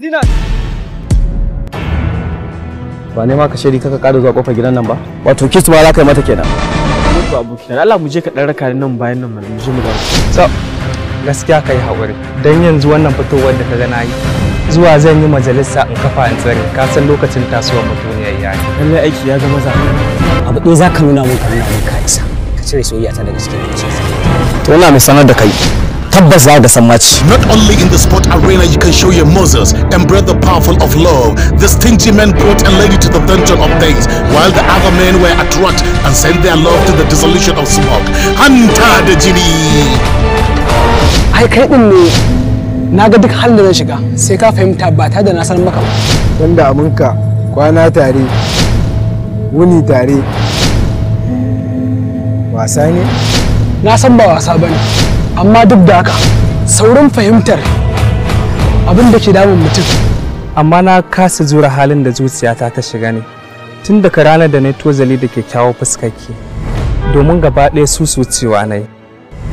zina Ba ne ma ka shari kaka ƙara zuwa kofar gidan nan ba? Wato kis ma za ka yi mata kenan. Mutu abokina, Allah mu je ka dan raka nan bayan nan mu je mu dawo. So, gaskiya ka yi haƙuri, don yanzu wannan fitowar da ka ga na yi. Zuwa zan yi majalisa in kafa in tsare, ka san lokacin tasowar mutuniyar yayi. Lallai aiki ya gama za. Abu dai za ka nuna mun ka ne ka isa. Ka cire soyayya ta daga cikin zuciyarka. To ina mai sanar da kai. tabbas za ga san maci not only in the sport arena you can show your muscles and breath the powerful of love the stingy men brought a lady to the dungeon of things while the other men were at rot and sent their love to the dissolution of smoke hanta da jini ai kai din ne na ga duk halin da na shiga sai ka fahimta ba ta da na san maka ba wanda aminka kwana tare wuni tare wasa ne na san ba wasa bane amma duk da haka saurin fahimtar abin da ke damun mutum amma na kasa zura halin da zuciyata ta shiga ne tun daga ranar da na tozali da kyakkyawar fuskarki domin gaba ɗaya cewa na yi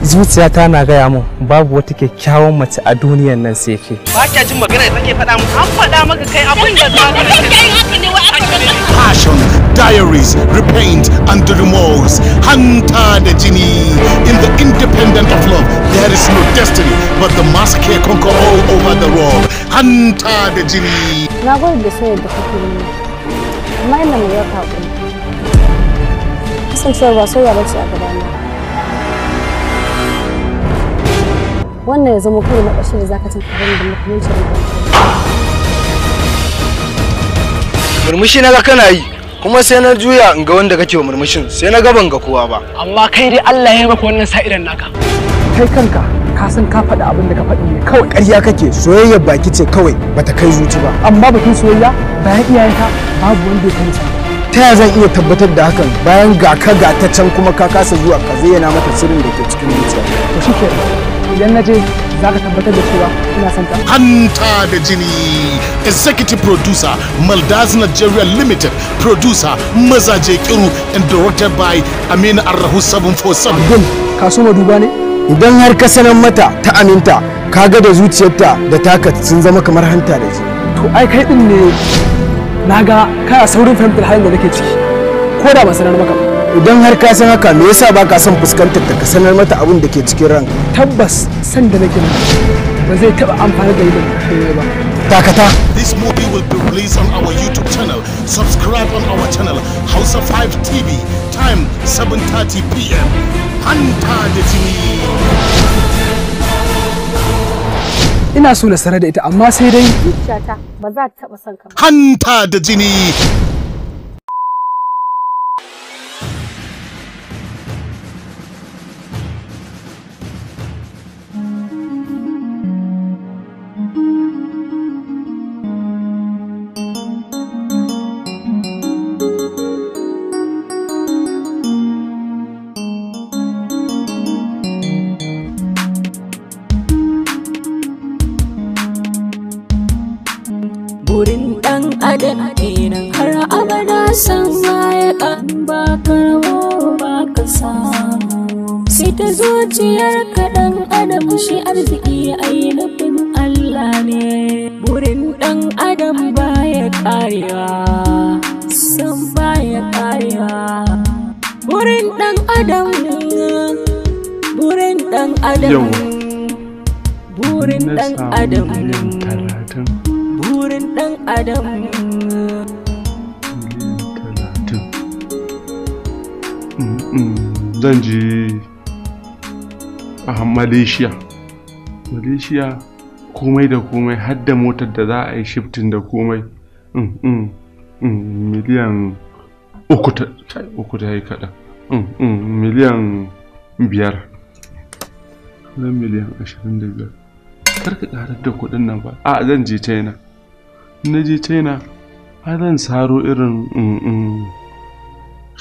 zuciyata na gaya min babu wata kyakkyawan mace a duniyan nan sai ke ba kya jin magana da take faɗa mun an faɗa maka kai abin da za ka ne wa aka diaries, repaint, and remorse. Hanta da jini. In the independent of love, there is no destiny, but the mask here conquer all over the world. Na gode da sayar da ina mai yaka ku. Kasancewar ba soyayya bace a Wannan ya zama kuma na da zaka tantar da mutumin Murmushi na ga kana yi. kuma sai na juya in ga wanda kake wa murmushin sai na gaban ga kowa ba amma kai dai Allah ya maka wannan sa'idan naka kai kanka ka san ka faɗi abin da ka faɗi ne kawai ƙarya kake soyayya baki ce kawai bata kai zuci ba amma bakin soyayya bayan iyayenka babu wanda ya kai ta ya zan iya tabbatar da hakan bayan ga ka ga ta can kuma ka kasa zuwa ka zayyana mata sirrin da ke cikin zuciya to idan na je za ka tabbatar da cewa ina son ta. Hanta da jini executive producer Maldaz Nigeria Limited producer Mazaje Kiru and directed by Aminu Arrahu 747. Abdul kaso maduba ne? Idan har ka sanar mata ta aminta ka ga da zuciyarta da taka sun zama kamar hanta da jini. To ai kai din ne na ga kana saurin fahimtar halin da nake ciki ko da ba sanar maka ba. idan har ka san haka me yasa ba ka son fuskantar ta ka sanar mata abin da ke cikin ranka tabbas san da nake ba ba zai taba amfana da ido ba dakata this movie will be released on our youtube channel subscribe on our channel hausa 5 tv time 7:30 pm hanta da jini ina so na sanar da ita amma sai dai zuciyata ba za ta taba son ka ba hanta da jini da ainihin har abada san ya kan ba karbo ba ka samu sai ta zuciyar kaɗan adam shi arziki ainihin Allah ne burin ɗan adam baya karewa san baya karewa burin ɗan adam burin ɗan adam burin ɗan adam burin ɗan adam zan je a ah, malaysia malaysia komai da komai har da motar da za a yi shiftin da komai mm, miliyan uku ta yi kaɗan miliyan biyar miliyan ashirin da biyar kar ka ƙarar da kuɗin nan ba a zan je china na je china ba zan saro irin mm, mm,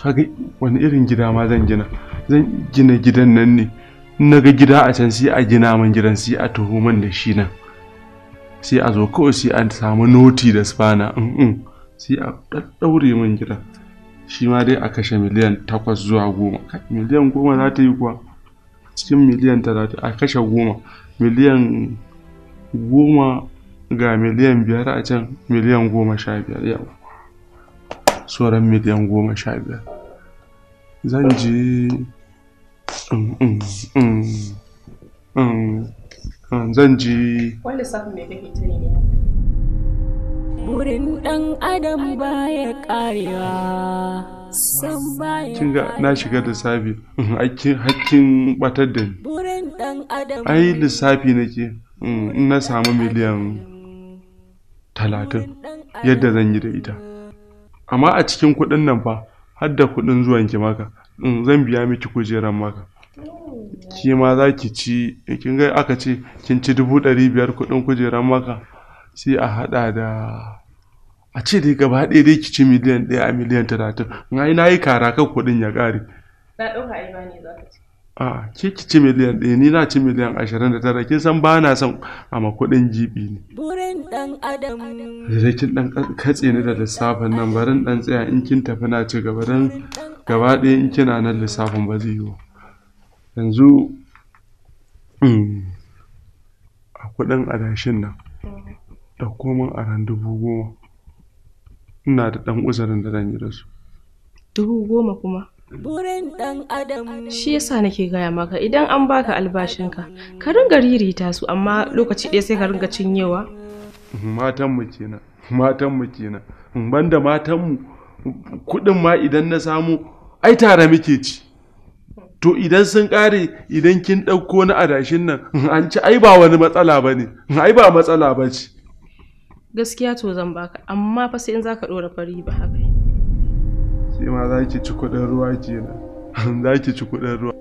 kaga wani irin gida ma zan gina zan gina gidan nan ne na ga gida a can sai a gina man gidan sai a tuhu man da shi nan sai a zo kawai sai a samu noti da spana mm, sai a ɗaɗɗaure man gidan shi ma dai a kashe miliyan takwas zuwa goma miliyan goma za ta yi kuwa cikin miliyan talatin a kashe goma miliyan goma ga miliyan biyar a can miliyan goma sha biyar yau sauran miliyan goma sha biyar zan je mm, mm, mm, zan ji wani lissafin mai kake ta ne burin dan adam ya karewa san baya na shiga lissafi hakkin batar da ni ai lissafi nake na samu miliyan talatin yadda zan yi da ita amma a cikin kuɗin nan fa har da kuɗin zuwan ki maka in zan biya miki kujeran maka ki ma za ki ci kin ga aka ce kin ci dubu ɗari biyar kuɗin kujeran maka sai a haɗa da a ce dai gaba ɗaya dai ki ci miliyan ɗaya a miliyan talatin na yi na yi kara kan kuɗin ya ƙare na ɗauka ai ba ne za a kiki ci miliyan ɗaya ni na ci miliyan ashirin da tara kin san ba na son a makuɗin jibi ne. burin ɗan adam Rikin kin ɗan katse ni da lissafin nan barin ɗan tsaya in kin tafi na ci gaba don gaba ɗaya in kina nan lissafin ba zai yiwu yanzu mm, a kuɗin adashin nan da komin a ran dubu goma ina da ɗan uzarin da zan yi da su. dubu goma kuma burin dan adam shi yasa nake gaya maka idan an baka albashinka ka ringa ririta su amma lokaci ɗaya sai ka ringa cinyewa matan mu kenan matan mu kenan banda matan mu kuɗin ma idan na samu ai tare muke ci to idan sun ƙare idan kin ɗauko na adashin nan an ci ai ba wani matsala ba ne ai ba matsala ba ce gaskiya to zan baka amma fa sai in zaka ɗora fari ba haka sai ma za ki ci kuɗin ruwa kenan za ki ci kuɗin ruwa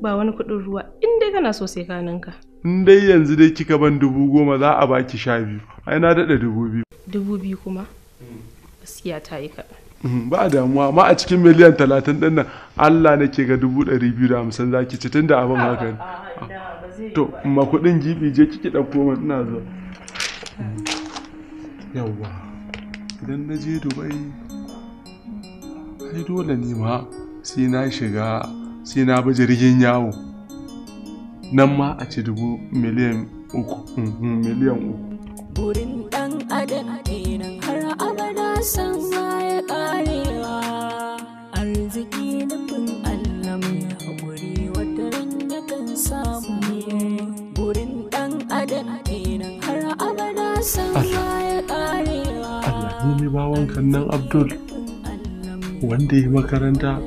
ba wani kuɗin ruwa in dai kana so sai ka ninka in dai yanzu dai kika ban dubu goma za a baki sha biyu ai na daɗa dubu biyu dubu biyu kuma gaskiya ta yi kaɗan mm-hmm. ba damuwa ma a cikin miliyan talatin ɗin nan allah ke ga dubu ɗari biyu da hamsin za ki ci tun da abin haka ne to ma kuɗin gibi je kiki ɗauko man ina zuwa yawwa idan na je dubai sai dole ne ma sai na shiga sai na bi jirgin yawo nan ma a ci dubu miliyan uku uhm, miliyan uku burin dan adam kenan har abada san ma ya karewa arziki na bin allam ya haƙuri wata kan samu burin dan adam kenan har abada san ma ya karewa allah ne kan nan abdul wanda yi makaranta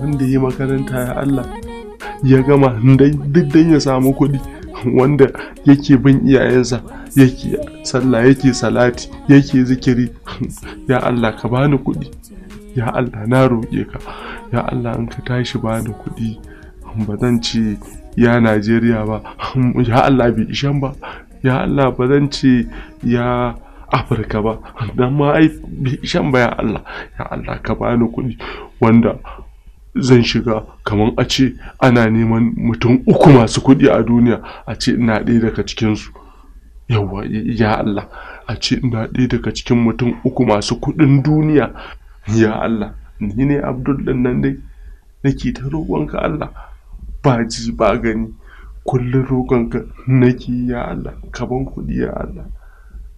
wanda yi makaranta ya Allah ya gama duk dan ya samu kuɗi wanda yake bin iyayensa yake sallah yake salati yake zikiri ya Allah ka bani kuɗi ya Allah na roƙe ka ya Allah in ka tashi bani kuɗi ba zan ce ya Najeriya ba ya Allah bai ishan ba ya Allah ba zan ce ya afirka ba don ma ai shan bayan Allah ya Allah ka bani kuɗi wanda zan shiga kamar a ce ana neman mutum uku masu kuɗi a duniya a ce ina ɗaya daga cikinsu yawwa ya Allah a ce ina ɗaya daga cikin mutum uku masu kuɗin duniya ya Allah ni ne abdul nan dai nake ta roƙonka Allah ba ji ba gani kullum roƙonka nake ya Allah Kaban kuɗi ya Allah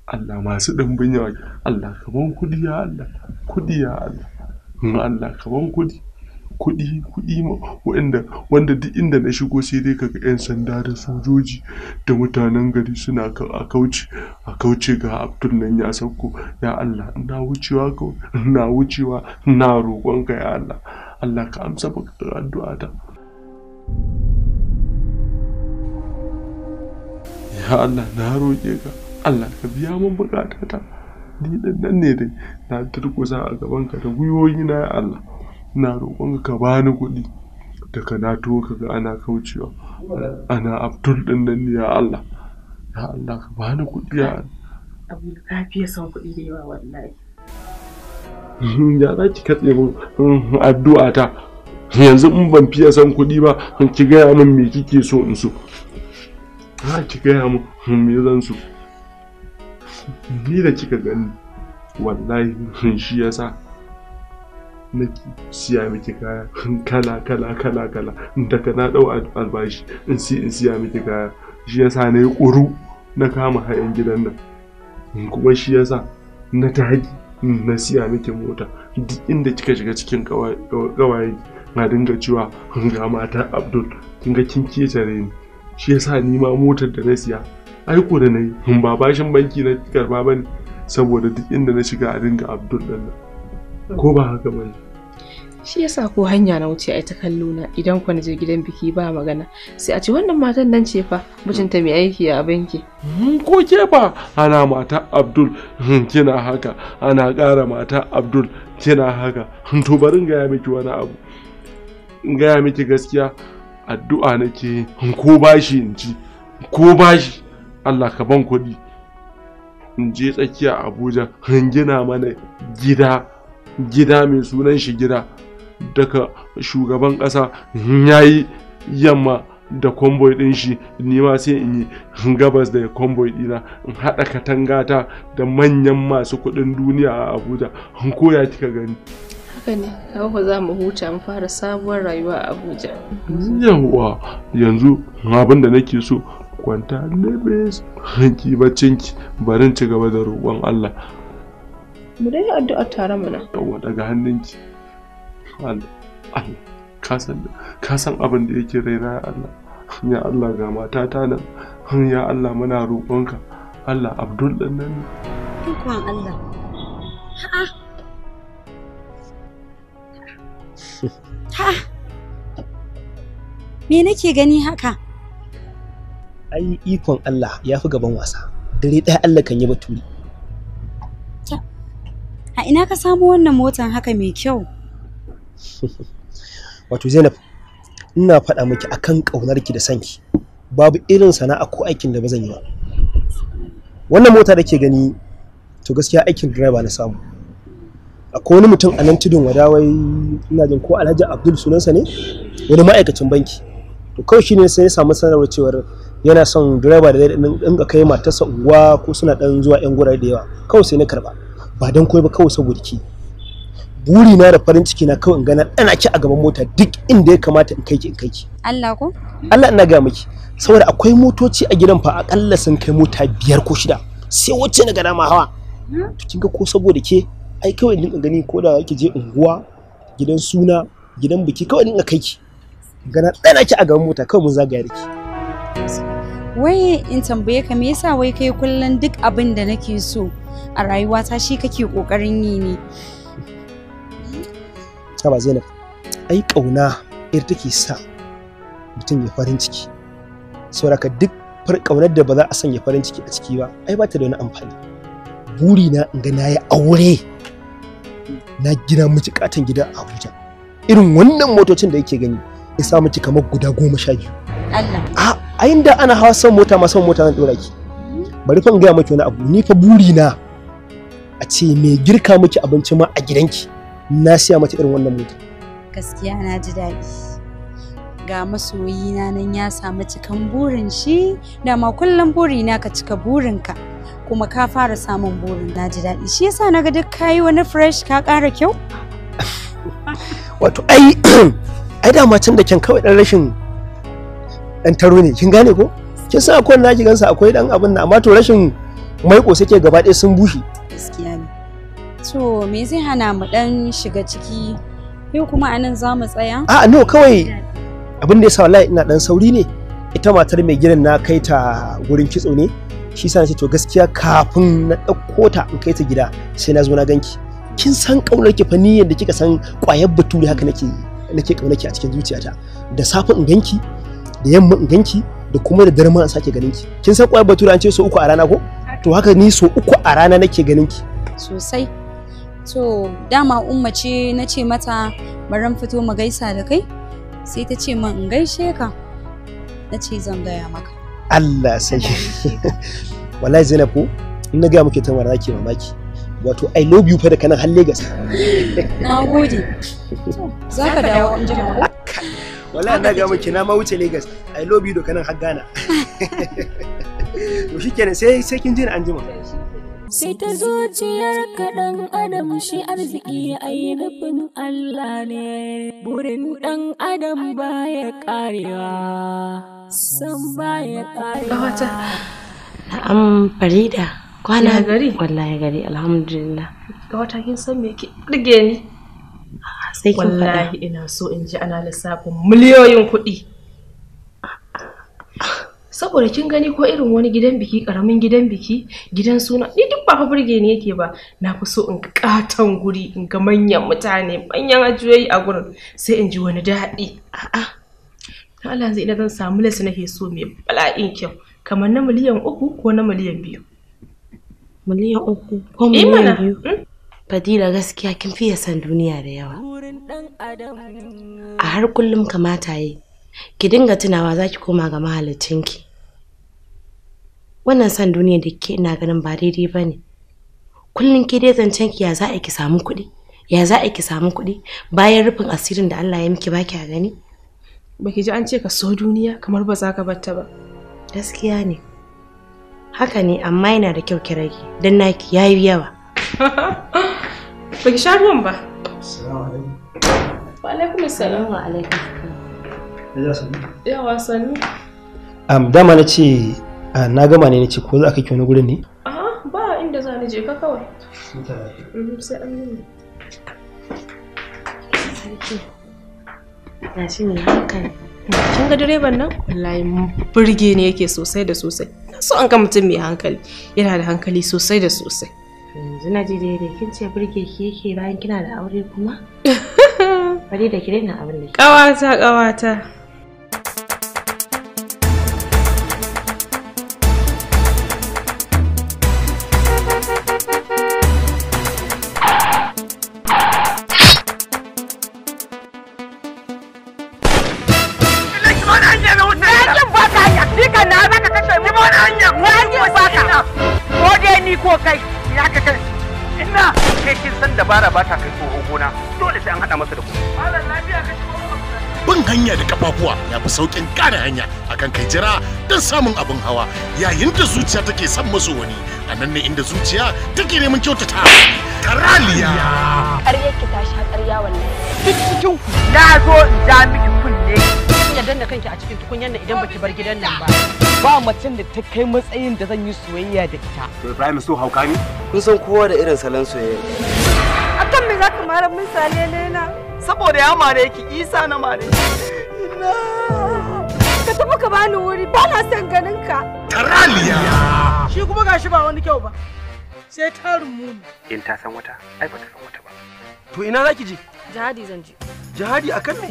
Allah masu ɗumbin yawa Allah kaman kudi ya Allah kudi ya Allah Allah kaman kudi kuɗi kuɗi wanda wanda duk inda na shigo sai dai kaga 'yan sanda da sojoji da mutanen gari suna a kauce a kauce ga abdul nan ya sauko ya allah ina wucewa ina wucewa ina ka ya allah allah ka amsa baka addu'a ta ya allah na roƙe ka Allah ka biya min ta ni din nan ne dai na turkusa a gaban ka da guyoyi na ya Allah ina roƙon ka bani kuɗi da ka na to ka ga ana kaucewa ana abdul din nan ne ya Allah ya Allah ka bani kuɗi ya Allah abu ka fiye son kuɗi da yawa wallahi ya za ki katse min mm, addu'a ta yanzu in ban fiye son kuɗi ba ki gaya min me kike so in so ki gaya min mm, me zan so ni da kika gani wallahi shi ya sa na siya miki kaya kala kala kala kala daga na dau albashi in si in siya miki kaya shi ya sa na yi ƙuru na kama hayan gidan nan kuma shi ya sa na tagi na siya miki mota duk inda kika shiga cikin gawaye na dinga cewa ga mata abdul kin ga kin kece ni shi ya ni ma motar da na siya aiko da na yi ba bashin banki na karba ba ne saboda duk inda na shiga a dinga abdul ɗin nan ko ba haka ba shi yasa ko hanya na wuce a ta kallo na idan ku na je gidan biki ba magana sai a ce wannan matan nan ce fa mijinta mai aiki a banki hmm, ko ke fa ana mata abdul hmm, kina haka ana kara mata abdul kina haka hmm, to barin gaya miki wani abu gaya miki gaskiya addu'a nake ko bashi in ci ko bashi Allah ka ban kuɗi in je tsakiya Abuja in gina mana gida gida mai sunan shi gida daga shugaban ƙasa yayi yamma da kwamboi ɗin shi nima sai in yi gabas da kwamboi ɗina in haɗa ta da manyan masu kuɗin duniya a abuja in koya kika gani haka ne za mu huta mu fara sabuwar rayuwa a abuja yanzu abin da nake so kwanta lebes ki baccinki barin ci gaba da roƙon Allah mu dai addu'a tare mana yawa daga hannunki Allah Allah ka san ka san abin da yake raina Allah ya Allah ga mata ta nan ya Allah muna roƙon ka Allah Abdul din nan ikon Allah ha ha'a me nake gani haka ai ikon Allah ya fi gaban wasa dare ɗaya Allah kan yi baturi a ina ka samu wannan motan haka mai kyau wato zainab ina faɗa miki akan ƙaunarki da sanki babu irin sana'a ko aikin da ba zan yi ba wannan mota da ke gani to gaskiya aikin driver na samu akwai wani mutum a nan tudun wadawai ina jin ko alhaji abdul sunansa ne wani ma'aikacin banki to kawai shine sai ya samu sanarwar cewar yana son direba da zai dinga kai matarsa unguwa ko suna dan zuwa yan gurare da yawa kawai sai na karba ba dan koi ba kawai saboda ki buri na da farin ciki na kawai in gana dana ki a gaban mota duk inda ya kamata in kai ki in kai ki Allah ko Allah ina ga miki saboda akwai motoci a gidan fa akalla sun kai mota biyar ko shida sai wacce na gana ma hawa to kin ga ko saboda ke ai kawai din gani ko da kike je unguwa gidan suna gidan biki kawai dinka kai ki gana dana ki a gaban mota kawai mun zagaya da ki wai in tambaye ka me yasa wai kai kullum duk abin da nake so a rayuwata shi kake kokarin yi ne ba zainab ai kauna ir take sa mutum ya farin ciki sauraka duk kaunar da ba za a sanya farin ciki a ciki ba ai ba ta da wani amfani buri na in ga nayi aure na gina miki katon gida a Abuja irin wannan motocin da yake gani ya sa miki kamar guda goma sha biyu Allah a inda ana hawa son mota ma son mota zan dora ki bari fa in gaya miki wani abu ni fa buri na a ce me girka miki abinci ma a gidanki na siya mata irin wannan mota gaskiya na ji daɗi ga masoyina nan ya samu cikan burin shi dama kullum burina ka cika burinka kuma ka fara samun burin na ji daɗi shi yasa na ga duk kayi wani fresh ka ƙara kyau wato ai ai dama can da kyan kawai ɗan rashin dan taro ne kin gane ko kin san akwai na ki gansa akwai dan abin nan amma to rashin maiko suke gaba ɗaya sun bushe gaskiya ne to me zai hana mu dan shiga ciki ni kuma anan za mu tsaya a no kawai abin da yasa wallahi ina dan sauri ne ita matar mai gidan na kai ta gurin kitso ne shi sa ce to gaskiya kafin na ɗauko ta in kai ta gida sai na zo na ganki kin san kaunar ki fa ni da kika san ƙwayar bature haka nake nake kaunar ki a cikin zuciyata da safe in ganki da yamma in ganki da kuma da dare ma in sake ganin ki kin san kwai bature an ce so uku a rana ko to haka ni so uku a rana nake ganin ki sosai to dama umma ce na ce mata baran fito mu gaisa da kai sai ta ce min in gaishe ka na ce zan gaya maka Allah sai wallahi Zainab ko in na gaya muke ta mara zaki mamaki wato I love you fa da kanan har Lagos na gode za ka dawo in ji wala na ga miki na ma wuce Lagos I love you da kanan har Ghana to shikenan sai sai kin ji an jima sai ta zuciyar kaɗan adam shi arziki ayi nufin Allah ne burin ɗan adam baya karewa san baya karewa na'am farida kwana gari wallahi gari alhamdulillah ga wata kin san me ke rige ni sai kin wallahi ina so in ji ana lissafin miliyoyin kuɗi saboda kin gani ko irin wani gidan biki karamin gidan biki gidan suna ni duk ba fa burge ne yake ba na fi so in katon guri in ga manyan mutane manyan ajiyoyi a gurin sai in ji wani daɗi a'a ta Allah zai ina zan samu lasi nake so mai bala'in kyau kamar na miliyan uku ko na miliyan biyu miliyan uku ko eh miliyan biyu hmm? Fadila gaskiya kin fiye san duniya da yawa. A har kullum kamata yi, ki dinga tunawa za ki koma ga mahalicinki. Wannan san duniya da ke ina ganin ba daidai ba ne. Kullum ki dai zancen ki ya za a ki samu kuɗi, ya za a ki samu kuɗi bayan rufin asirin da Allah ya miki baki a gani. Baki ji an ce ka so duniya kamar ba za ka batta ba. Gaskiya ne. Haka ne amma yana da kyau ki rage don naki yayi yawa. Ba ki sha ruwan ba. Assalamu alaikum. Wa alaikum assalam. Wa alaikum assalam. Yawa sannu. Um, dama na ce na gama ne na ce ko za ka wani gurin ne? A'a ba inda za ni je ka kawai. Mhm, sai an yi. Na shi ne hankali. kin ga direban nan wallahi burge ne yake sosai da sosai Na so an ga mutum mai hankali yana da hankali sosai da sosai yanzu na ji daidai kin ce burge ki yake bayan kina da aure kuma bari da ki daina abin da kawata kawata dabara ba ta kai tsoho gona dole sai an hada masa da ku. bin hanya da kafafuwa ya fi sauƙin kare hanya akan kai jira don samun abin hawa yayin da zuciya take son maso wani a nan ne inda zuciya take neman kyautata karaliya ƙaryar ki ta sha ƙarya wannan. duk cikin ku na zo in ja miki kunne ya danna kanki a cikin tukunyar nan idan baki bar gidan nan ba ba macen da ta kai matsayin da zan yi soyayya da ita to Ibrahim so hauka ne kun san kowa da irin salon soyayya akan me zaka mara min sale na. saboda ya mare ki isa na mare ina ka tafi ka bani wuri ba na son ganin ka taraliya shi kuma gashi ba wani kyau ba sai tarin muni in ta san wata ai ba ta san wata ba to ina zaki je jihadi zan je jihadi akan me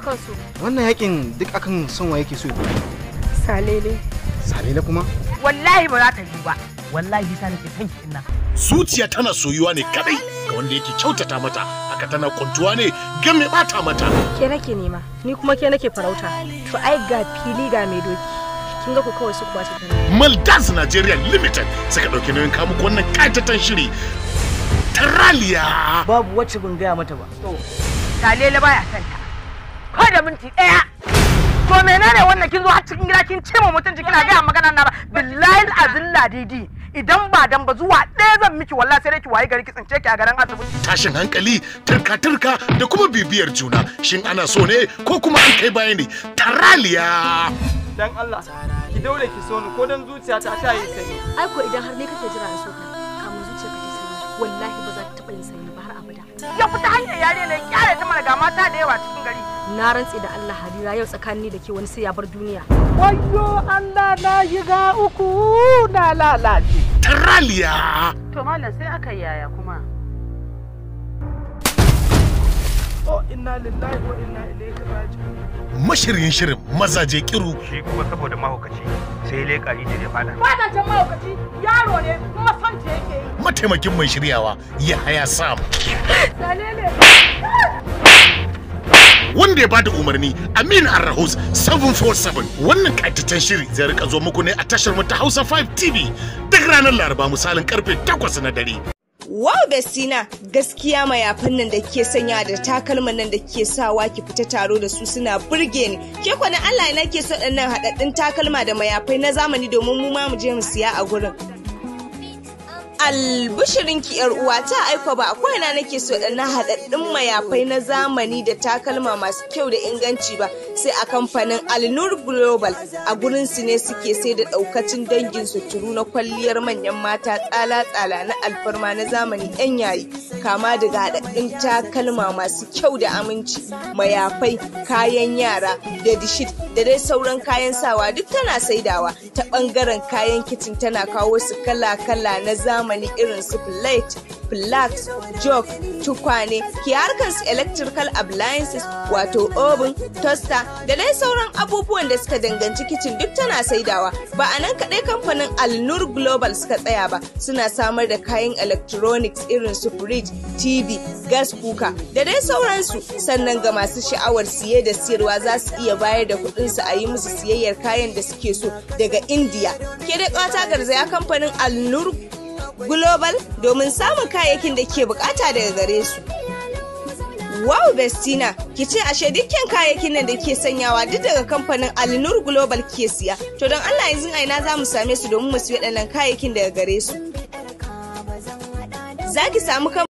akan so wannan yakin duk akan son wa yake so salele salele kuma wallahi ba za ta yi ba wallahi sa nake tanki ina zuciya tana soyuwa ne kadai ga wanda yake kyautata mata haka tana kuntuwa ne ga mai bata mata ke nake nema ni kuma ke nake farauta to ai ga fili ga mai doki kin ga ku kawai su kwace ta Maldas Nigeria Limited suka dauki nauyin kawo muku wannan kaitatan shiri Taraliya babu wacce ban gaya mata ba to talela baya santa ko da minti daya to menene wannan kin zo har cikin gida kin ce ma mutunci kina gaya magana na billahi azilla didi idan ba dan ba zuwa ɗaya zan miki wallahi sai dai ki waye gari ki tsince ki a garin asibiti tashin hankali turka turka da kuma bibiyar juna shin ana so ne ko kuma an kai baya ne taraliya dan Allah ki daure ki so ni ko dan zuciya ta ta yi sani. ai ko idan har ne kake jira na so ka kamun zuciya ka ta sani wallahi ba ya fita hanyar yare ne kyara ta marga mata da yawa cikin gari na rantse da Allah hadira yau tsakanin da ke wani sai ya bar duniya wayo Allah na shiga uku na lalace taraliya to mallam sai aka yaya kuma Oh, inna lillahi wa inna ilaihi raji'un. Mashirin shirin mazaje kiru. Shi kuma saboda mahaukaci sai leƙa ido da fada can mahaukaci yaro ne kuma son ce yake mataimakin mai shiryawa ya haya sam wanda ya bada umarni Amin Arrahus 747 wannan kaitaccen shiri zai rika zo muku ne a tashar mu ta Hausa 5 TV duk ranar Laraba misalin karfe 8 na dare Wow Bestina gaskiya mayafin nan da ke sanya da takalman nan da ke sawa ki fita taro da su suna burge ni. Ke kwana Allah na ke so ɗannan haɗaɗɗun takalma da mayafai na zamani domin mu ma mu je mu siya a gurin. albishirin ki yar uwa ta aiko ba akwai na nake so da na haɗaɗɗun mayafai na zamani da takalma masu kyau da inganci ba sai a kamfanin alnur global a gurin su ne suke sai da ɗaukacin dangin suturu na kwalliyar manyan mata tsala-tsala na alfarma na zamani yan yayi kama daga haɗaɗɗun takalma masu kyau da aminci mayafai kayan yara da dishit da dai sauran kayan sawa duk tana saidawa ta ɓangaren kayan kicin tana kawo su kala-kala na zamani zamani irin su plate, flax, jog, tukwane, ki harkar su electrical appliances wato oven, toaster da dai sauran abubuwan da suka danganci kicin duk tana saidawa. Ba a nan kaɗai kamfanin Alnur Global suka tsaya ba suna samar da kayan electronics irin su fridge, TV, gas cooker da dai sauransu. Sannan ga masu sha'awar siye da siyarwa za su iya bayar da kuɗin su a yi musu siyayyar kayan da suke so daga India. Ke dai ƙwata garzaya kamfanin Alnur Global domin samun kayayyakin da ke bukata daga gare su. Wow Bestina, ki ce ashe dukkan kayayyakin nan da ke sanyawa duk daga kamfanin Alinur Global ke siya. To don Allah yanzu a ina za mu same su domin mu siya waɗannan kayayyakin daga gare su. Za ki samu